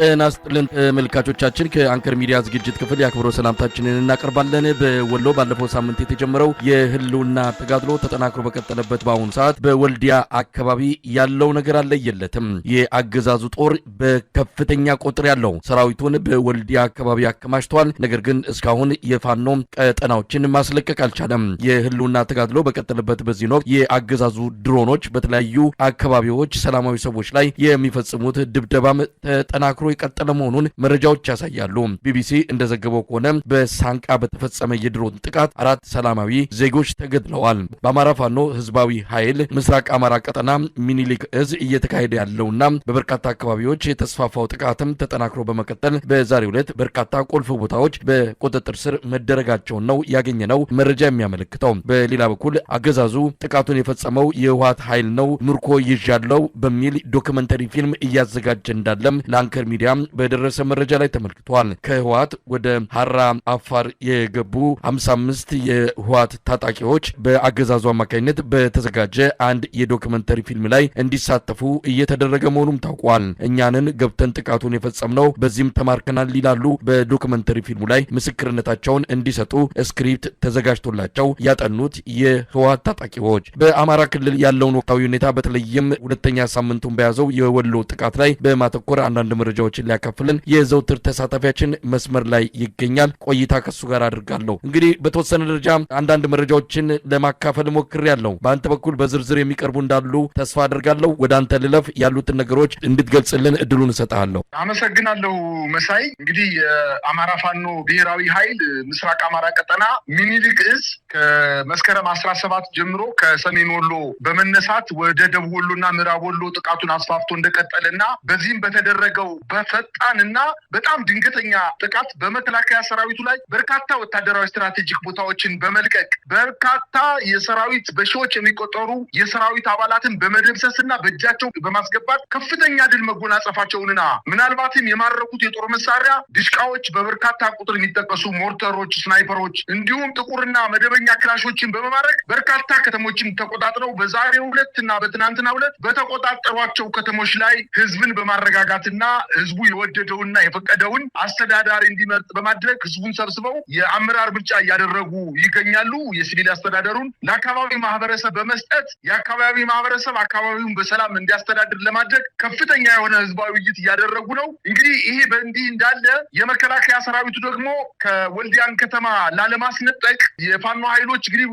ጤና ይስጥልን ተመልካቾቻችን፣ ከአንከር ሚዲያ ዝግጅት ክፍል የአክብሮ ሰላምታችንን እናቀርባለን። በወሎ ባለፈው ሳምንት የተጀመረው የህልውና ተጋድሎ ተጠናክሮ በቀጠለበት በአሁኑ ሰዓት በወልዲያ አካባቢ ያለው ነገር አለየለትም። የአገዛዙ ጦር በከፍተኛ ቁጥር ያለው ሰራዊቱን በወልዲያ አካባቢ አከማችቷል ነገር ግን እስካሁን የፋኖ ቀጠናዎችን ማስለቀቅ አልቻለም። የህልውና ተጋድሎ በቀጠለበት በዚህ ወቅት የአገዛዙ ድሮኖች በተለያዩ አካባቢዎች ሰላማዊ ሰዎች ላይ የሚፈጽሙት ድብደባም ተጠናክሮ ተጠናክሮ የቀጠለ መሆኑን መረጃዎች ያሳያሉ። ቢቢሲ እንደዘገበው ከሆነ በሳንቃ በተፈጸመ የድሮን ጥቃት አራት ሰላማዊ ዜጎች ተገድለዋል። በአማራ ፋኖ ህዝባዊ ኃይል ምስራቅ አማራ ቀጠና ሚኒሊክ እዝ እየተካሄደ ያለውና በበርካታ አካባቢዎች የተስፋፋው ጥቃትም ተጠናክሮ በመቀጠል በዛሬው ዕለት በርካታ ቁልፍ ቦታዎች በቁጥጥር ስር መደረጋቸውን ነው ያገኘነው መረጃ የሚያመለክተው። በሌላ በኩል አገዛዙ ጥቃቱን የፈጸመው የህወሓት ኃይል ነው ምርኮ ይዣለው በሚል ዶክመንተሪ ፊልም እያዘጋጀ እንዳለም ለአንከር ሚዲያ በደረሰ መረጃ ላይ ተመልክቷል። ከህወሓት ወደ ሀራ አፋር የገቡ 55 የህወሓት ታጣቂዎች በአገዛዙ አማካኝነት በተዘጋጀ አንድ የዶክመንተሪ ፊልም ላይ እንዲሳተፉ እየተደረገ መሆኑም ታውቋል። እኛንን ገብተን ጥቃቱን የፈጸምነው በዚህም ተማርከናል ይላሉ። በዶክመንተሪ ፊልሙ ላይ ምስክርነታቸውን እንዲሰጡ ስክሪፕት ተዘጋጅቶላቸው ያጠኑት የህወሓት ታጣቂዎች በአማራ ክልል ያለውን ወቅታዊ ሁኔታ በተለይም ሁለተኛ ሳምንቱን በያዘው የወሎ ጥቃት ላይ በማተኮር አንዳንድ መረጃ መረጃዎችን ሊያካፍልን የዘውትር ተሳታፊያችን መስመር ላይ ይገኛል። ቆይታ ከሱ ጋር አድርጋለሁ። እንግዲህ በተወሰነ ደረጃ አንዳንድ መረጃዎችን ለማካፈል ሞክር ያለው በአንተ በኩል በዝርዝር የሚቀርቡ እንዳሉ ተስፋ አድርጋለሁ። ወደ አንተ ልለፍ፣ ያሉትን ነገሮች እንድትገልጽልን እድሉን እሰጥሃለሁ። አመሰግናለሁ መሳይ። እንግዲህ የአማራ ፋኖ ብሔራዊ ኃይል ምስራቅ አማራ ቀጠና ሚኒሊክ እዝ ከመስከረም አስራ ሰባት ጀምሮ ከሰሜን ወሎ በመነሳት ወደ ደቡብ ወሎና ምዕራብ ወሎ ጥቃቱን አስፋፍቶ እንደቀጠለና በዚህም በተደረገው በፈጣንና በጣም ድንገተኛ ጥቃት በመከላከያ ሰራዊቱ ላይ በርካታ ወታደራዊ ስትራቴጂክ ቦታዎችን በመልቀቅ በርካታ የሰራዊት በሺዎች የሚቆጠሩ የሰራዊት አባላትን በመደምሰስና በእጃቸው በማስገባት ከፍተኛ ድል መጎናጸፋቸውንና ምናልባትም የማረኩት የጦር መሳሪያ ድሽቃዎች፣ በበርካታ ቁጥር የሚጠቀሱ ሞርተሮች፣ ስናይፐሮች እንዲሁም ጥቁርና መደበኛ ክላሾችን በመማረክ በርካታ ከተሞችን ተቆጣጥረው በዛሬው ሁለትና እና በትናንትና ሁለት በተቆጣጠሯቸው ከተሞች ላይ ህዝብን በማረጋጋትና ህዝቡ የወደደውና የፈቀደውን አስተዳዳሪ እንዲመርጥ በማድረግ ህዝቡን ሰብስበው የአመራር ምርጫ እያደረጉ ይገኛሉ። የሲቪል አስተዳደሩን ለአካባቢ ማህበረሰብ በመስጠት የአካባቢ ማህበረሰብ አካባቢውን በሰላም እንዲያስተዳድር ለማድረግ ከፍተኛ የሆነ ህዝባዊ ውይይት እያደረጉ ነው። እንግዲህ ይሄ በእንዲህ እንዳለ የመከላከያ ሰራዊቱ ደግሞ ከወልዲያን ከተማ ላለማስነጠቅ የፋኖ ኃይሎች እንግዲህ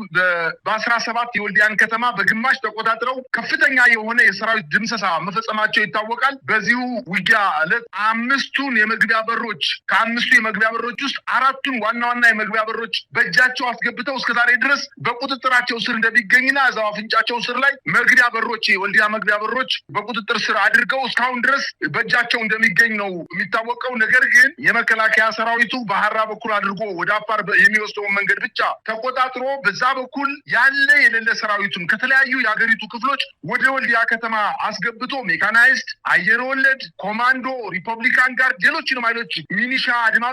በአስራ ሰባት የወልዲያን ከተማ በግማሽ ተቆጣጥረው ከፍተኛ የሆነ የሰራዊት ድምሰሳ መፈጸማቸው ይታወቃል። በዚሁ ውጊያ አምስቱን የመግቢያ በሮች ከአምስቱ የመግቢያ በሮች ውስጥ አራቱን ዋና ዋና የመግቢያ በሮች በእጃቸው አስገብተው እስከዛሬ ድረስ በቁጥጥራቸው ስር እንደሚገኝና እዛው አፍንጫቸው ስር ላይ መግቢያ በሮች የወልዲያ መግቢያ በሮች በቁጥጥር ስር አድርገው እስካሁን ድረስ በእጃቸው እንደሚገኝ ነው የሚታወቀው። ነገር ግን የመከላከያ ሰራዊቱ ባህራ በኩል አድርጎ ወደ አፋር የሚወስደውን መንገድ ብቻ ተቆጣጥሮ በዛ በኩል ያለ የሌለ ሰራዊቱን ከተለያዩ የሀገሪቱ ክፍሎች ወደ ወልዲያ ከተማ አስገብቶ ሜካናይዝድ አየር ወለድ ኮማንዶ ሪፐብሊካን ጋር ሌሎችንም ኃይሎች ሚኒሻ አድማ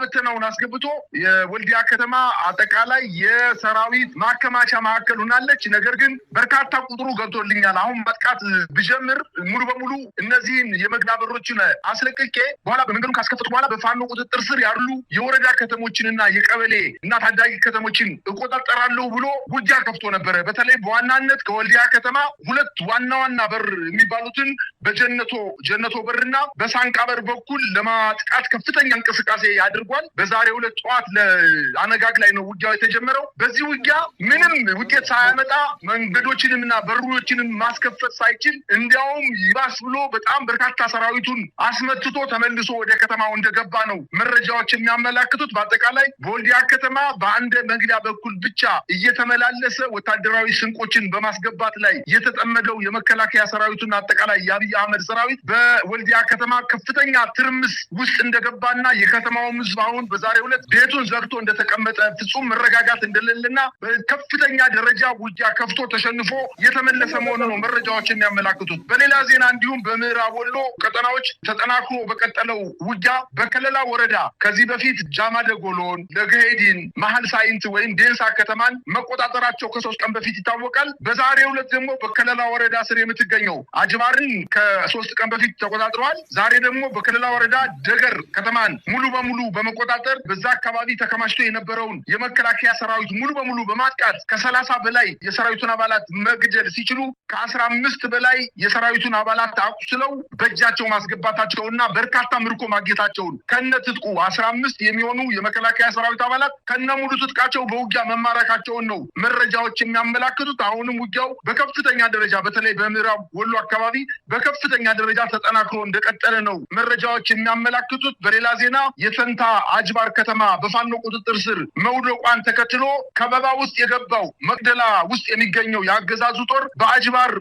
አስገብቶ የወልዲያ ከተማ አጠቃላይ የሰራዊት ማከማቻ ማዕከል ሆናለች። ነገር ግን በርካታ ቁጥሩ ገብቶልኛል። አሁን ማጥቃት ብጀምር ሙሉ በሙሉ እነዚህን የመግቢያ በሮችን አስለቅቄ በኋላ በመንገዱ ካስከፈቱ በኋላ በፋኖ ቁጥጥር ስር ያሉ የወረዳ ከተሞችንና የቀበሌ እና ታዳጊ ከተሞችን እቆጣጠራለሁ ብሎ ውጊያ ከፍቶ ነበረ። በተለይ በዋናነት ከወልዲያ ከተማ ሁለት ዋና ዋና በር የሚባሉትን በጀነቶ ጀነቶ በርና በሳንቃ በር በኩል ለማጥቃት ከፍተኛ እንቅስቃሴ አድርጓል። በዛሬ ሁለት ጠዋት ለአነጋግ ላይ ነው ውጊያው የተጀመረው። በዚህ ውጊያ ምንም ውጤት ሳያመጣ መንገዶችንም እና በሮችንም ማስከፈት ሳይችል እንዲያውም ይባስ ብሎ በጣም በርካታ ሰራዊቱን አስመትቶ ተመልሶ ወደ ከተማው እንደገባ ነው መረጃዎች የሚያመላክቱት። በአጠቃላይ በወልዲያ ከተማ በአንድ መግቢያ በኩል ብቻ እየተመላለሰ ወታደራዊ ስንቆችን በማስገባት ላይ የተጠመደው የመከላከያ ሰራዊቱና አጠቃላይ የአብይ አህመድ ሰራዊት በወልዲያ ከተማ ከፍተኛ ከፍተኛ ትርምስ ውስጥ እንደገባና የከተማውም ህዝብ አሁን በዛሬ ሁለት ቤቱን ዘግቶ እንደተቀመጠ ፍጹም መረጋጋት እንደሌለና በከፍተኛ ደረጃ ውጊያ ከፍቶ ተሸንፎ የተመለሰ መሆኑ ነው መረጃዎች የሚያመላክቱት። በሌላ ዜና እንዲሁም በምዕራብ ወሎ ቀጠናዎች ተጠናክሮ በቀጠለው ውጊያ በከለላ ወረዳ ከዚህ በፊት ጃማደጎሎን፣ ለገሄዲን፣ መሀል ሳይንት ወይም ዴንሳ ከተማን መቆጣጠራቸው ከሶስት ቀን በፊት ይታወቃል። በዛሬ ሁለት ደግሞ በከለላ ወረዳ ስር የምትገኘው አጅባርን ከሶስት ቀን በፊት ተቆጣጥረዋል። ዛሬ ደግሞ በከለላ ወረዳ ደገር ከተማን ሙሉ በሙሉ በመቆጣጠር በዛ አካባቢ ተከማችቶ የነበረውን የመከላከያ ሰራዊት ሙሉ በሙሉ በማጥቃት ከሰላሳ በላይ የሰራዊቱን አባላት መግደል ሲችሉ ከአስራ አምስት በላይ የሰራዊቱን አባላት አቁስለው በእጃቸው ማስገባታቸውና በርካታ ምርኮ ማግኘታቸውን ከነ ትጥቁ አስራ አምስት የሚሆኑ የመከላከያ ሰራዊት አባላት ከነ ሙሉ ትጥቃቸው በውጊያ መማረካቸውን ነው መረጃዎች የሚያመላክቱት። አሁንም ውጊያው በከፍተኛ ደረጃ በተለይ በምዕራብ ወሎ አካባቢ በከፍተኛ ደረጃ ተጠናክሮ እንደቀጠለ ነው መረጃዎች የሚያመላክቱት። በሌላ ዜና የሰንታ አጅባር ከተማ በፋኖ ቁጥጥር ስር መውደቋን ተከትሎ ከበባ ውስጥ የገባው መቅደላ ውስጥ የሚገኘው የአገዛዙ ጦር በአጅባር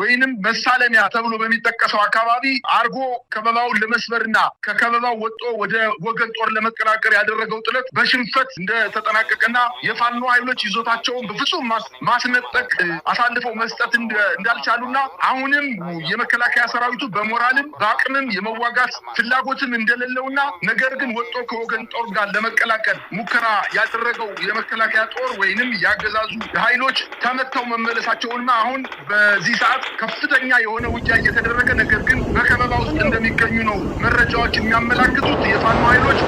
ወይንም መሳለሚያ ተብሎ በሚጠቀሰው አካባቢ አርጎ ከበባውን ለመስበርና ከከበባው ወጦ ወደ ወገን ጦር ለመቀላቀል ያደረገው ጥለት በሽንፈት እንደተጠናቀቀና የፋኖ ኃይሎች ይዞታቸውን በፍጹም ማስነጠቅ አሳልፈው መስጠት እንዳልቻሉና አሁንም የመከላከያ ሰራዊቱ በሞራልም በአቅምም የመዋጋት የመዋጋት ፍላጎትም እንደሌለውና ነገር ግን ወጦ ከወገን ጦር ጋር ለመቀላቀል ሙከራ ያደረገው የመከላከያ ጦር ወይንም ያገዛዙ ኃይሎች ተመተው መመለሳቸውንና አሁን በዚህ ሰዓት ከፍተኛ የሆነ ውጊያ እየተደረገ ነገር ግን በከበባ ውስጥ እንደሚገኙ ነው መረጃዎች የሚያመላክቱት። የፋኖ ኃይሎች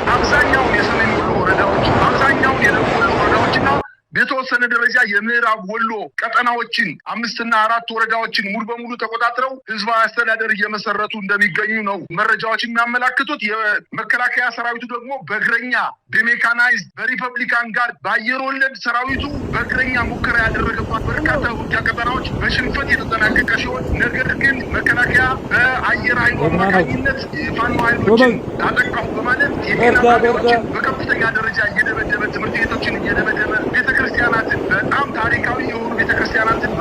በተወሰነ ደረጃ የምዕራብ ወሎ ቀጠናዎችን አምስትና አራት ወረዳዎችን ሙሉ በሙሉ ተቆጣጥረው ህዝባዊ አስተዳደር እየመሰረቱ እንደሚገኙ ነው መረጃዎች የሚያመላክቱት። የመከላከያ ሰራዊቱ ደግሞ በእግረኛ በሜካናይዝድ በሪፐብሊካን ጋር በአየር ወለድ ሰራዊቱ በእግረኛ ሙከራ ያደረገባት በርካታ ውጊያ ቀጠናዎች በሽንፈት የተጠናቀቀ ሲሆን ነገር ግን መከላከያ በአየር ኃይሉ አማካኝነት የፋኖ ኃይሎችን አጠቃሁ በማለት የጤና በከፍተኛ ደረጃ እየደበደበ ትምህርት ቤቶችን እየደበደበ ቤተክርስቲያናት በጣም ታሪካዊ የሆኑ ቤተክርስቲያናትን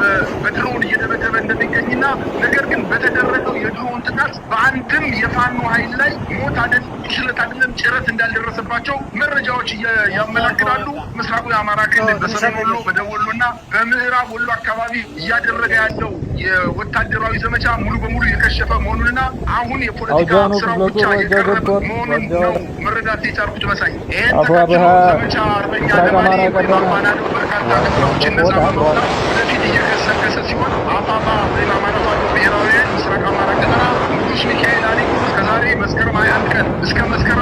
በድሮን እየደበደበ እንደሚገኝና ነገር ግን በተደረገው የድሮን ጥቃት በአንድም የፋኖ ኃይል ላይ ሞት አደ ችለት አደለም ጭረት እንዳልደረሰባቸው መረጃዎች ያመላክታሉ። ምስራቁ የአማራ ክልል በሰሜን ወሎ፣ በደቡብ ወሎ እና በምዕራብ ወሎ አካባቢ እያደረገ ያለው የወታደራዊ ዘመቻ ሙሉ በሙሉ የከሸፈ መሆኑንና አሁን የፖለቲካ ስራ ብቻ የቀረበ መሆኑን ነው መረዳት የቻልኩት። መሳይ ይህን ተከትሎ ዘመቻ አርበኛ ለማሪ በማማናዶ በርካታ ክፍሎች እነዛ በመውጣት ወደፊት እየከሰከሰ ሲሆን አፋፋ ወይም አማራፋ ብሔራዊ ምስራቅ አማራ ቀጠና ንጉስ ሚካኤል አሊ ከዛሬ መስከረም 21 ቀን እስከ መስከረም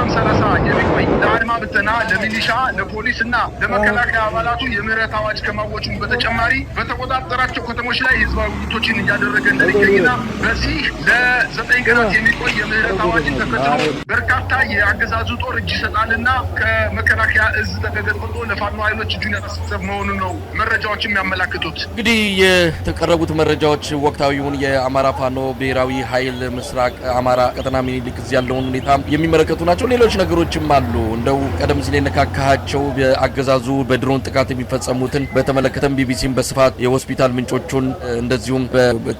ለሚሊሻ ለፖሊስ እና ለመከላከያ አባላቱ የምህረት አዋጅ ከማወጩም በተጨማሪ በተቆጣጠራቸው ከተሞች ላይ ህዝባዊ ውይይቶችን እያደረገ እንደሚገኝና በዚህ ለዘጠኝ ቀናት የሚቆይ የምህረት አዋጅን ተከትሎ በርካታ የአገዛዙ ጦር እጅ ይሰጣልና ከመከላከያ እዝ ተገገጥሎ ለፋኖ ኃይሎች እጁን ያሰሰብ መሆኑን ነው መረጃዎች የሚያመላክቱት። እንግዲህ የተቀረቡት መረጃዎች ወቅታዊውን የአማራ ፋኖ ብሔራዊ ኃይል ምስራቅ አማራ ቀጠና ሚኒሊክ ያለውን ሁኔታ የሚመለከቱ ናቸው። ሌሎች ነገሮችም አሉ እንደው ቀደም ላይ የነካካቸው የአገዛዙ በድሮን ጥቃት የሚፈጸሙትን በተመለከተም ቢቢሲን በስፋት የሆስፒታል ምንጮቹን እንደዚሁም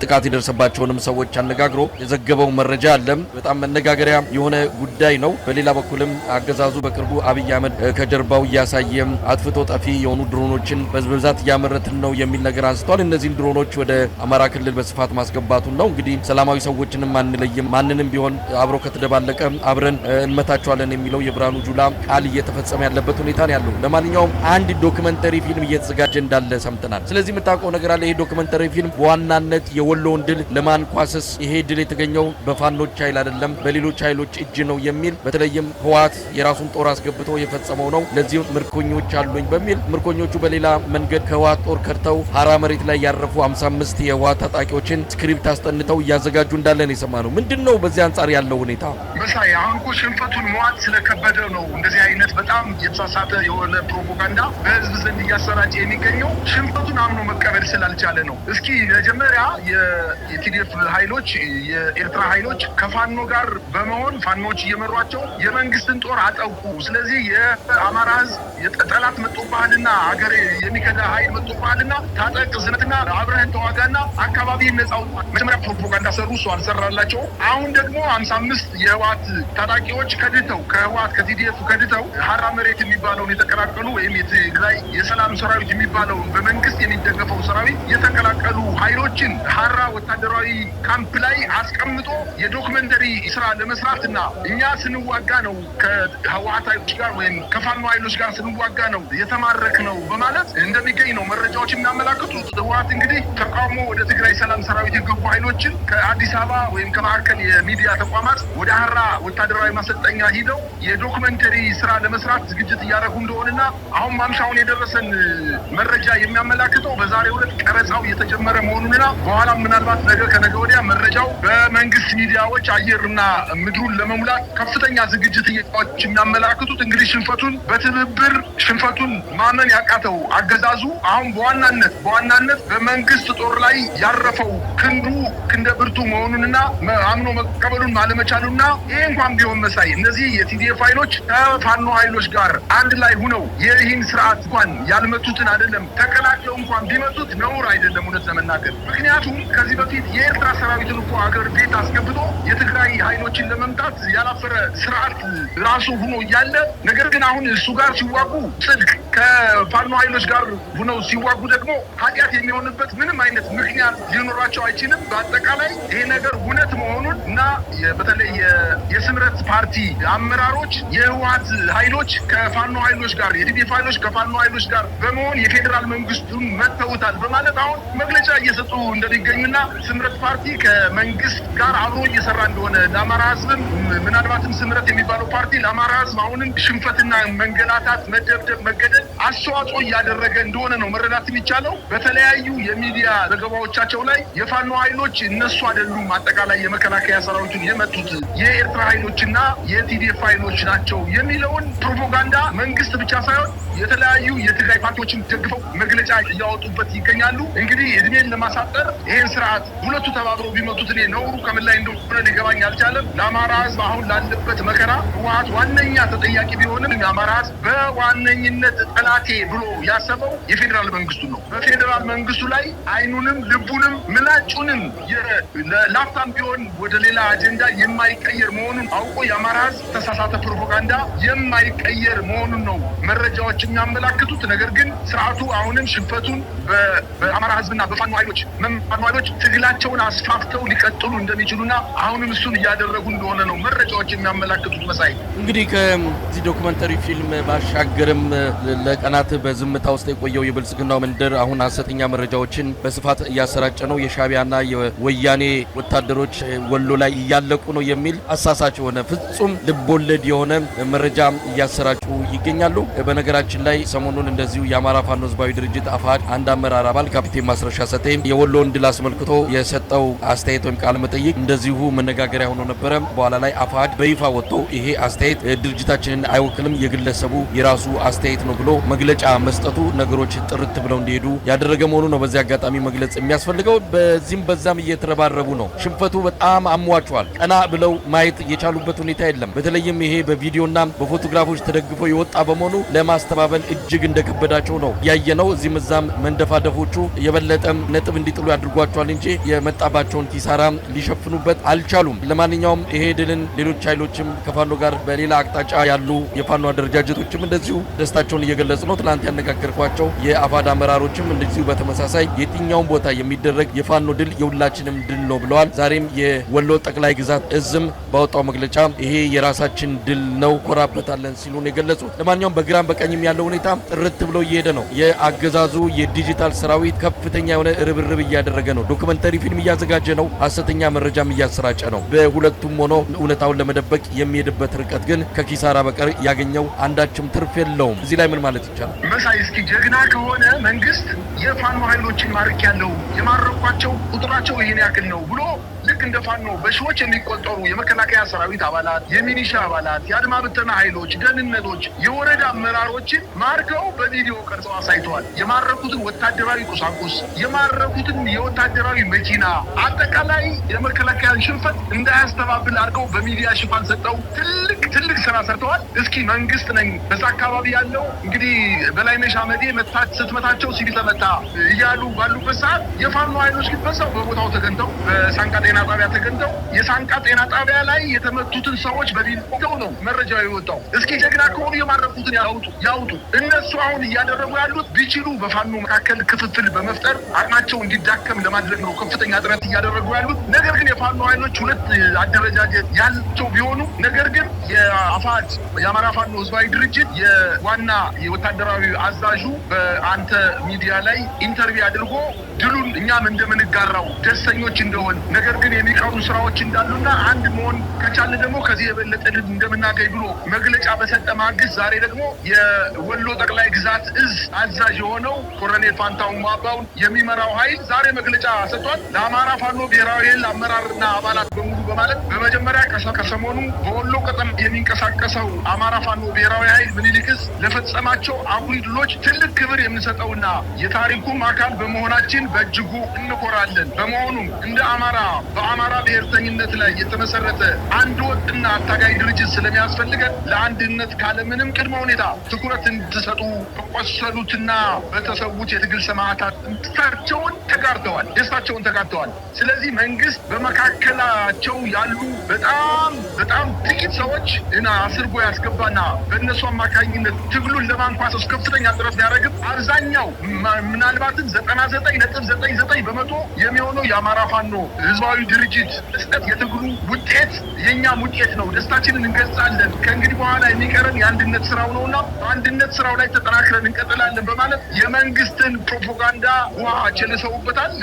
ጥቃት የደረሰባቸውንም ሰዎች አነጋግሮ የዘገበው መረጃ አለም በጣም መነጋገሪያ የሆነ ጉዳይ ነው። በሌላ በኩልም አገዛዙ በቅርቡ አብይ አህመድ ከጀርባው እያሳየም አጥፍቶ ጠፊ የሆኑ ድሮኖችን በብዛት እያመረትን ነው የሚል ነገር አንስተዋል። እነዚህን ድሮኖች ወደ አማራ ክልል በስፋት ማስገባቱን ነው። እንግዲህ ሰላማዊ ሰዎችንም አንለይም፣ ማንንም ቢሆን አብሮ ከተደባለቀ አብረን እንመታቸዋለን የሚለው የብርሃኑ ጁላ ቃል እየተፈ መፈጸም ያለበት ሁኔታ ነው ያለው። ለማንኛውም አንድ ዶክመንተሪ ፊልም እየተዘጋጀ እንዳለ ሰምተናል። ስለዚህ የምታውቀው ነገር አለ። ይሄ ዶክመንተሪ ፊልም በዋናነት የወሎውን ድል ለማንኳሰስ ይሄ ድል የተገኘው በፋኖች ኃይል አይደለም በሌሎች ኃይሎች እጅ ነው የሚል በተለይም ህወሓት የራሱን ጦር አስገብቶ የፈጸመው ነው። ለዚህ ምርኮኞች አሉኝ በሚል ምርኮኞቹ በሌላ መንገድ ከህወሓት ጦር ከድተው ሀራ መሬት ላይ ያረፉ 55 የህወሓት ታጣቂዎችን ስክሪፕት አስጠንተው እያዘጋጁ እንዳለ ነው የሰማነው። ምንድን ነው በዚህ አንጻር ያለው ሁኔታ? መሳይ አሁን እኮ ሽንፈቱን መዋጥ ስለከበደ ነው እንደዚህ አይነት በጣም የተሳሳተ የሆነ ፕሮፓጋንዳ በህዝብ ዘንድ እያሰራጨ የሚገኘው ሽንፈቱን አምኖ መቀበል ስላልቻለ ነው። እስኪ መጀመሪያ የቲዲኤፍ ኃይሎች የኤርትራ ኃይሎች ከፋኖ ጋር በመሆን ፋኖዎች እየመሯቸው የመንግስትን ጦር አጠቁ። ስለዚህ የአማራ ህዝብ ጠላት መጦብሃልና ሀገር የሚከዳ ኃይል መጦብሃልና ታጠቅ ዝነትና አብረህን ተዋጋና አካባቢ ነጻው መጀመሪያ ፕሮፓጋንዳ ሰሩ፣ እሱ አልሰራላቸው። አሁን ደግሞ አምሳ አምስት የህዋት ታጣቂዎች ከድተው ከህዋት ከቲዲኤፍ ከድተው የጋራ መሬት የሚባለውን የተቀላቀሉ ወይም የትግራይ የሰላም ሰራዊት የሚባለውን በመንግስት የሚደገፈው ሰራዊት የተቀላቀሉ ኃይሎችን ሀራ ወታደራዊ ካምፕ ላይ አስቀምጦ የዶክመንተሪ ስራ ለመስራት እና እኛ ስንዋጋ ነው ከህወሀት ኃይሎች ጋር ወይም ከፋኖ ኃይሎች ጋር ስንዋጋ ነው የተማረክ ነው በማለት እንደሚገኝ ነው መረጃዎች የሚያመላክቱት። ህወሀት እንግዲህ ተቃውሞ ወደ ትግራይ ሰላም ሰራዊት የገቡ ኃይሎችን ከአዲስ አበባ ወይም ከማዕከል የሚዲያ ተቋማት ወደ ሀራ ወታደራዊ ማሰልጠኛ ሂደው የዶክመንተሪ ስራ ለመ ለመስራት ዝግጅት እያደረጉ እንደሆነና አሁን ማምሻውን የደረሰን መረጃ የሚያመላክተው በዛሬው ዕለት ቀረጻው እየተጀመረ መሆኑንና በኋላም ምናልባት ነገ ከነገ ወዲያ መረጃው በመንግስት ሚዲያዎች አየርና ምድሩን ለመሙላት ከፍተኛ ዝግጅት እየጫዎች የሚያመላክቱት እንግዲህ ሽንፈቱን በትብብር ሽንፈቱን ማመን ያቃተው አገዛዙ አሁን በዋናነት በዋናነት በመንግስት ጦር ላይ ያረፈው ክንዱ ክንደ ብርቱ መሆኑንና አምኖ መቀበሉን ማለመቻሉና ይህ እንኳን ቢሆን መሳይ እነዚህ የቲዲኤፍ ኃይሎች ከፋኖ ኃይሎች ኃይሎች ጋር አንድ ላይ ሁነው የይህን ስርዓት እንኳን ያልመቱትን አይደለም ተቀላቅለው እንኳን ቢመቱት ነውር አይደለም፣ እውነት ለመናገር ምክንያቱም ከዚህ በፊት የኤርትራ ሰራዊትን እኮ ሀገር ቤት አስገብቶ የትግራይ ኃይሎችን ለመምታት ያላፈረ ስርዓት ራሱ ሁኖ እያለ ነገር ግን አሁን እሱ ጋር ሲዋጉ ጽድቅ ከፋኖ ኃይሎች ጋር ሁነው ሲዋጉ ደግሞ ኃጢአት የሚሆንበት ምንም አይነት ምክንያት ሊኖራቸው አይችልም። በአጠቃላይ ይሄ ነገር እውነት መሆኑን እና በተለይ የስምረት ፓርቲ አመራሮች የህወሀት ኃይሎች ከፋኖ ኃይሎች ጋር የቲዲኤፍ ኃይሎች ከፋኖ ኃይሎች ጋር በመሆን የፌዴራል መንግስቱን መተውታል በማለት አሁን መግለጫ እየሰጡ እንደሚገኙና ስምረት ፓርቲ ከመንግስት ጋር አብሮ እየሰራ እንደሆነ ለአማራ ህዝብም ምናልባትም ስምረት የሚባለው ፓርቲ ለአማራ ህዝብ አሁንም ሽንፈትና መንገላታት፣ መደብደብ፣ መገደል አስተዋጽኦ እያደረገ እንደሆነ ነው መረዳት የሚቻለው። በተለያዩ የሚዲያ ዘገባዎቻቸው ላይ የፋኖ ኃይሎች እነሱ አይደሉም አጠቃላይ የመከላከያ ሰራዊቱን የመጡት የኤርትራ ኃይሎችና የቲዲኤፍ ኃይሎች ናቸው የሚለውን ፕሮፓጋንዳ መንግስት ብቻ ሳይሆን የተለያዩ የትግራይ ፓርቲዎችን ደግፈው መግለጫ እያወጡበት ይገኛሉ። እንግዲህ እድሜን ለማሳጠር ይህን ስርዓት ሁለቱ ተባብረው ቢመጡት እኔ ነውሩ ከምን ላይ እንደሆነ ሊገባኝ አልቻለም። ለአማራ ህዝብ አሁን ላለበት መከራ ህወሀት ዋነኛ ተጠያቂ ቢሆንም የአማራ ህዝብ በዋነኝነት ጠላ ጠላቴ ብሎ ያሰበው የፌዴራል መንግስቱ ነው። በፌዴራል መንግስቱ ላይ አይኑንም ልቡንም ምላጩንም ላፍታም ቢሆን ወደ ሌላ አጀንዳ የማይቀየር መሆኑን አውቆ የአማራ ህዝብ ተሳሳተ ፕሮፓጋንዳ የማይቀየር መሆኑን ነው መረጃዎች የሚያመላክቱት። ነገር ግን ስርዓቱ አሁንም ሽንፈቱን በአማራ ህዝብና በፋኖ ኃይሎች መፋኖ ኃይሎች ትግላቸውን አስፋፍተው ሊቀጥሉ እንደሚችሉና አሁንም እሱን እያደረጉ እንደሆነ ነው መረጃዎች የሚያመላክቱት። መሳይ እንግዲህ ከዚህ ዶክመንተሪ ፊልም ባሻገርም ቀናት በዝምታ ውስጥ የቆየው የብልጽግናው መንደር አሁን ሀሰተኛ መረጃዎችን በስፋት እያሰራጨ ነው። የሻቢያና የወያኔ ወታደሮች ወሎ ላይ እያለቁ ነው የሚል አሳሳች የሆነ ፍጹም ልቦለድ የሆነ መረጃ እያሰራጩ ይገኛሉ። በነገራችን ላይ ሰሞኑን እንደዚሁ የአማራ ፋኖ ህዝባዊ ድርጅት አፋድ አንድ አመራር አባል ካፒቴን ማስረሻ ሰጤ የወሎን ድል አስመልክቶ የሰጠው አስተያየት ወይም ቃለ መጠይቅ እንደዚሁ መነጋገሪያ ሆኖ ነበረ። በኋላ ላይ አፋድ በይፋ ወጥቶ ይሄ አስተያየት ድርጅታችንን አይወክልም፣ የግለሰቡ የራሱ አስተያየት ነው ብሎ መግለጫ መስጠቱ ነገሮች ጥርት ብለው እንዲሄዱ ያደረገ መሆኑ ነው በዚህ አጋጣሚ መግለጽ የሚያስፈልገው። በዚህም በዛም እየተረባረቡ ነው። ሽንፈቱ በጣም አሟቸዋል። ቀና ብለው ማየት የቻሉበት ሁኔታ የለም። በተለይም ይሄ በቪዲዮና በፎቶግራፎች ተደግፎ የወጣ በመሆኑ ለማስተባበል እጅግ እንደከበዳቸው ነው ያየ ነው። እዚህም እዛም መንደፋደፎቹ የበለጠም ነጥብ እንዲጥሉ ያድርጓቸዋል እንጂ የመጣባቸውን ኪሳራ ሊሸፍኑበት አልቻሉም። ለማንኛውም ይሄ ድልን ሌሎች ኃይሎችም ከፋኖ ጋር በሌላ አቅጣጫ ያሉ የፋኖ አደረጃጀቶችም እንደዚሁ ደስታቸውን እየገለጹ በመግለጽ ነው። ትናንት ያነጋገርኳቸው የአፋድ አመራሮችም እንደዚሁ በተመሳሳይ የትኛውም ቦታ የሚደረግ የፋኖ ድል የሁላችንም ድል ነው ብለዋል። ዛሬም የወሎ ጠቅላይ ግዛት እዝም ባወጣው መግለጫ ይሄ የራሳችን ድል ነው ኮራበታለን ሲሉን የገለጹት። ለማንኛውም በግራም በቀኝም ያለው ሁኔታ ጥርት ብሎ እየሄደ ነው። የአገዛዙ የዲጂታል ሰራዊት ከፍተኛ የሆነ ርብርብ እያደረገ ነው። ዶክመንተሪ ፊልም እያዘጋጀ ነው። ሀሰተኛ መረጃም እያሰራጨ ነው። በሁለቱም ሆኖ እውነታውን ለመደበቅ የሚሄድበት ርቀት ግን ከኪሳራ በቀር ያገኘው አንዳችም ትርፍ የለውም። እዚህ ላይ ምን ማለት መሳይ እስኪ ጀግና ከሆነ መንግስት የፋኖ ኃይሎችን ማርክ ያለው የማረኳቸው ቁጥራቸው ይህን ያክል ነው ብሎ ልክ እንደ ፋኖ በሺዎች የሚቆጠሩ የመከላከያ ሰራዊት አባላት፣ የሚኒሻ አባላት፣ የአድማ ብተና ኃይሎች፣ ደህንነቶች፣ የወረዳ አመራሮችን ማርከው በቪዲዮ ቀርጸው አሳይተዋል። የማረኩትን ወታደራዊ ቁሳቁስ፣ የማረኩትን የወታደራዊ መኪና፣ አጠቃላይ የመከላከያን ሽንፈት እንዳያስተባብል አድርገው በሚዲያ ሽፋን ሰጠው። ትልቅ ትልቅ ስራ ሰርተዋል። እስኪ መንግስት ነኝ በዛ አካባቢ ያለው እንግዲህ በላይነሽ አመዴ ስትመታቸው ሲቪል ተመታ እያሉ ባሉበት ሰዓት የፋኖ ኃይሎች ግን በዛው በቦታው ተገንተው በሳንቃ ጤና ጣቢያ ተገንተው የሳንቃ ጤና ጣቢያ ላይ የተመቱትን ሰዎች በቢልው ነው መረጃው የወጣው። እስኪ ጀግና ከሆኑ የማረኩትን ያውጡ ያውጡ። እነሱ አሁን እያደረጉ ያሉት ቢችሉ በፋኖ መካከል ክፍፍል በመፍጠር አቅማቸው እንዲዳከም ለማድረግ ነው ከፍተኛ ጥረት እያደረጉ ያሉት። ነገር ግን የፋኖ ኃይሎች ሁለት አደረጃጀት ያላቸው ቢሆኑ ነገር ግን የአፋድ የአማራ ፋኖ ህዝባዊ ድርጅት የዋና የወታደራዊ አዛዡ በአንተ ሚዲያ ላይ ኢንተርቪው አድርጎ ድሉን እኛም እንደምንጋራው ደስተኞች እንደሆን ነገር ግን የሚቀሩ ስራዎች እንዳሉና አንድ መሆን ከቻለ ደግሞ ከዚህ የበለጠ ድል እንደምናገኝ ብሎ መግለጫ በሰጠ ማግስት ዛሬ ደግሞ የወሎ ጠቅላይ ግዛት እዝ አዛዥ የሆነው ኮረኔል ፋንታሁን ማባውን የሚመራው ኃይል ዛሬ መግለጫ ሰጥቷል። ለአማራ ፋኖ ብሔራዊ ኃይል አመራርና አባላት በሙሉ በማለት በመጀመሪያ ከሰሞኑ በወሎ ቀጠና የሚንቀሳቀሰው አማራ ፋኖ ብሔራዊ ኃይል ምኒልክ እዝ ለፈጸማቸው አኩሪ ድሎች ትልቅ ክብር የምንሰጠውና የታሪኩም አካል በመሆናችን በእጅጉ እንኮራለን። በመሆኑም እንደ አማራ በአማራ ብሔርተኝነት ላይ የተመሰረተ አንድ ወጥና አታጋይ ድርጅት ስለሚያስፈልገን ለአንድነት ካለምንም ቅድመ ሁኔታ ትኩረት እንድትሰጡ በቆሰሉትና በተሰዉት የትግል ሰማዕታት ደስታቸውን ተጋርተዋል ደስታቸውን ተጋርተዋል። ስለዚህ መንግስት በመካከላቸው ያሉ በጣም በጣም ጥቂት ሰዎች እና አስርጎ ያስገባና በእነሱ አማካኝነት ትግሉን ለማንኳሰስ ከፍተኛ ጥረት ቢያደርግም አብዛኛው ምናልባትም ዘጠና ዘጠኝ ነጥብ ነጥብ ዘጠኝ ዘጠኝ በመቶ የሚሆነው የአማራ ፋኖ ህዝባዊ ድርጅት ስጠት የትግሉ ውጤት የእኛም ውጤት ነው። ደስታችንን እንገልጻለን። ከእንግዲህ በኋላ የሚቀረን የአንድነት ስራው እና በአንድነት ስራው ላይ ተጠናክረን እንቀጥላለን በማለት የመንግስትን ፕሮፓጋንዳ ውሃ ቸልሰውበታል።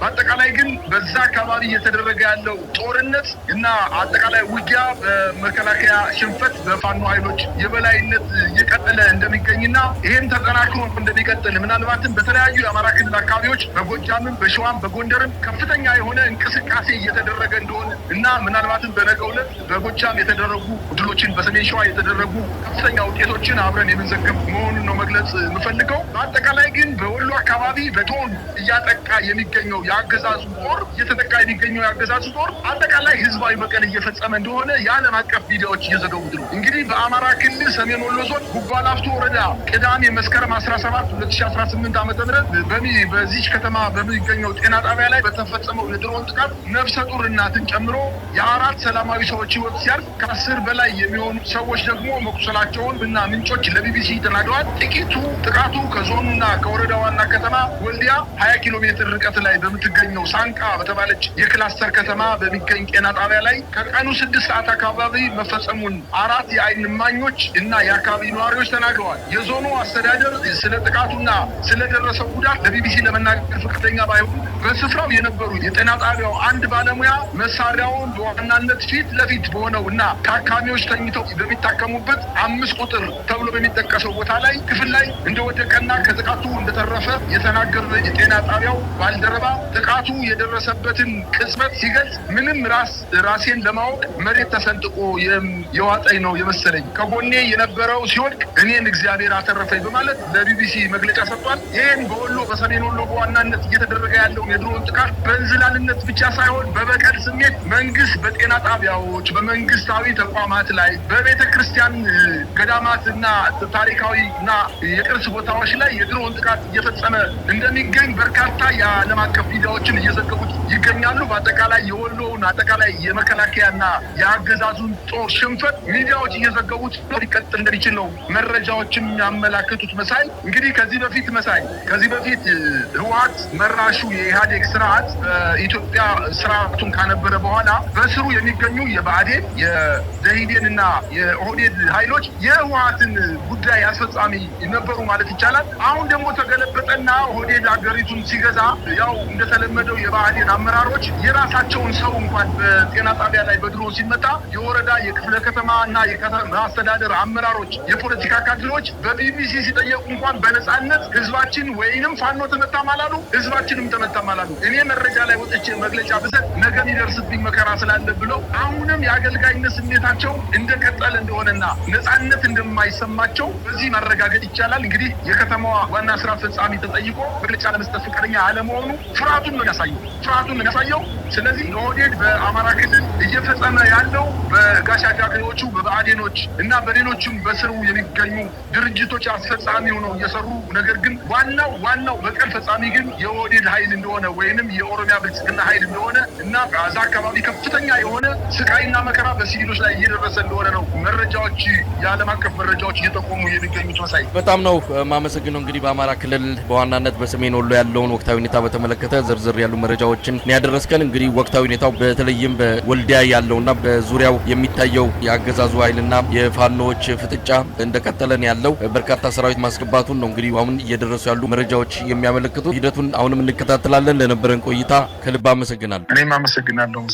በአጠቃላይ ግን በዛ አካባቢ እየተደረገ ያለው ጦርነት እና አጠቃላይ ውጊያ በመከላከያ ሽንፈት በፋኖ ኃይሎች የበላይነት እየቀጠለ እንደሚገኝና ይህም ተጠናክሮ እንደሚቀጥል ምናልባትም በተለያዩ የአማራ ክልል አካባቢዎች በጎጃምም በሸዋም በጎንደርም ከፍተኛ የሆነ እንቅስቃሴ እየተደረገ እንደሆነ እና ምናልባትም በነገው ዕለት በጎጃም የተደረጉ ድሎችን፣ በሰሜን ሸዋ የተደረጉ ከፍተኛ ውጤቶችን አብረን የምንዘግብ መሆኑን ነው መግለጽ የምፈልገው። በአጠቃላይ ግን በወሎ አካባቢ በድሮን እያጠቃ የሚገኘው የአገዛዙ ጦር እየተጠቃ የሚገኘው የአገዛዙ ጦር አጠቃላይ ህዝባዊ በቀል እየፈጸመ እንደሆነ የዓለም አቀፍ ሚዲያዎች እየዘገቡት ነው። እንግዲህ በአማራ ክልል ሰሜን ወሎ ዞን ጉባላፍቶ ወረዳ ቅዳሜ መስከረም 17 2018 ዓ ም በዚህ ከተማ በሚገኘው ጤና ጣቢያ ላይ በተፈጸመው የድሮን ጥቃት ነፍሰ ጡር እናትን ጨምሮ የአራት ሰላማዊ ሰዎች ህይወት ሲያልፍ ከአስር በላይ የሚሆኑ ሰዎች ደግሞ መቁሰላቸውን እና ምንጮች ለቢቢሲ ተናግረዋል። ጥቂቱ ጥቃቱ ከዞኑና ከወረዳ ዋና ከተማ ወልዲያ ሀያ ኪሎ ሜትር ርቀት ላይ በምትገኘው ሳንቃ በተባለች የክላስተር ከተማ በሚገኝ ጤና ጣቢያ ላይ ከቀኑ ስድስት ሰዓት አካባቢ መፈጸሙን አራት የአይን እማኞች እና የአካባቢ ነዋሪዎች ተናግረዋል። የዞኑ አስተዳደር ስለ ጥቃቱና ስለደረሰው ጉዳት ለቢቢሲ ለመናገር ከፍተኛ ባይሆን በስፍራው የነበሩ የጤና ጣቢያው አንድ ባለሙያ መሳሪያውን በዋናነት ፊት ለፊት በሆነው እና ታካሚዎች ተኝተው በሚታከሙበት አምስት ቁጥር ተብሎ በሚጠቀሰው ቦታ ላይ ክፍል ላይ እንደወደቀና ከጥቃቱ እንደተረፈ የተናገረ የጤና ጣቢያው ባልደረባ ጥቃቱ የደረሰበትን ቅጽበት ሲገልጽ ምንም ራስ ራሴን ለማወቅ መሬት ተሰንጥቆ የዋጠኝ ነው የመሰለኝ ከጎኔ የነበረው ሲወድቅ እኔን እግዚአብሔር አተረፈኝ በማለት ለቢቢሲ መግለጫ ሰጥቷል። ይህን በወሎ በሰሜን ወሎ በዋና በአንዛነት እየተደረገ ያለው የድሮን ጥቃት በእንዝላልነት ብቻ ሳይሆን በበቀል ስሜት መንግስት በጤና ጣቢያዎች፣ በመንግስታዊ ተቋማት ላይ፣ በቤተ ክርስቲያን ገዳማት እና ታሪካዊ እና የቅርስ ቦታዎች ላይ የድሮን ጥቃት እየፈጸመ እንደሚገኝ በርካታ የዓለም አቀፍ ሚዲያዎችን እየዘገቡት ይገኛሉ። በአጠቃላይ የወሎውን አጠቃላይ የመከላከያና የአገዛዙን ጦር ሽንፈት ሚዲያዎች እየዘገቡት ሊቀጥል እንደሚችል ነው መረጃዎችም ያመላክቱት። መሳይ እንግዲህ ከዚህ በፊት መሳይ ከዚህ በፊት ህወሀት ስርዓት መራሹ የኢህአዴግ ስርዓት በኢትዮጵያ ስርዓቱን ካነበረ በኋላ በስሩ የሚገኙ የብአዴን የደኢህዴን እና የኦህዴድ ኃይሎች የህወሀትን ጉዳይ አስፈጻሚ ነበሩ ማለት ይቻላል። አሁን ደግሞ ተገለበጠና ኦህዴድ ሀገሪቱን ሲገዛ ያው እንደተለመደው የብአዴን አመራሮች የራሳቸውን ሰው እንኳን በጤና ጣቢያ ላይ በድሮ ሲመጣ የወረዳ የክፍለ ከተማ እና የከተማ አስተዳደር አመራሮች የፖለቲካ ካድሬዎች በቢቢሲ ሲጠየቁ እንኳን በነፃነት ህዝባችን ወይንም ፋኖ ተመታም አላሉ ህዝባችንም ተመታ ነው። እኔ መረጃ ላይ ወጥቼ መግለጫ ብሰጥ ነገ የሚደርስብኝ መከራ ስላለ ብለው አሁንም የአገልጋይነት ስሜታቸው እንደቀጠለ እንደሆነና ነፃነት እንደማይሰማቸው በዚህ ማረጋገጥ ይቻላል። እንግዲህ የከተማዋ ዋና ስራ አስፈጻሚ ተጠይቆ መግለጫ ለመስጠት ፈቃደኛ አለመሆኑ ፍርሃቱን ነው ያሳየው፣ ፍርሃቱን ነው ያሳየው። ስለዚህ ኦህዴድ በአማራ ክልል እየፈጸመ ያለው በጋሻ ጃግሬዎቹ በብአዴኖች እና በሌሎችም በስሩ የሚገኙ ድርጅቶች አስፈጻሚ ሆነው እየሰሩ ነገር ግን ዋናው ዋናው በቀል ፈጻሚ ግን የኦህዴድ ኃይል እንደሆነ ወይንም የኦሮሚያ ብልጽግና ኃይል እንደሆነ እና ጋዛ አካባቢ ከፍተኛ የሆነ ስቃይና መከራ በሲቪሎች ላይ እየደረሰ እንደሆነ ነው መረጃዎች፣ የዓለም አቀፍ መረጃዎች እየጠቆሙ የሚገኙት። መሳይ በጣም ነው ማመሰግነው። እንግዲህ በአማራ ክልል በዋናነት በሰሜን ወሎ ያለውን ወቅታዊ ሁኔታ በተመለከተ ዝርዝር ያሉ መረጃዎችን ያደረስከን። እንግዲህ ወቅታዊ ሁኔታው በተለይም በወልዲያ ያለውና በዙሪያው የሚታየው የአገዛዙ ኃይልና የፋኖዎች ፍጥጫ እንደቀጠለን ያለው በርካታ ሰራዊት ማስገባቱን ነው እንግዲህ አሁን እየደረሱ ያሉ መረጃዎች የሚያመለክቱ ሂደቱን አሁንም እንከታተላለን። ለነበረን ቆይታ ከልብ አመሰግናለሁ። እኔም አመሰግናለሁ።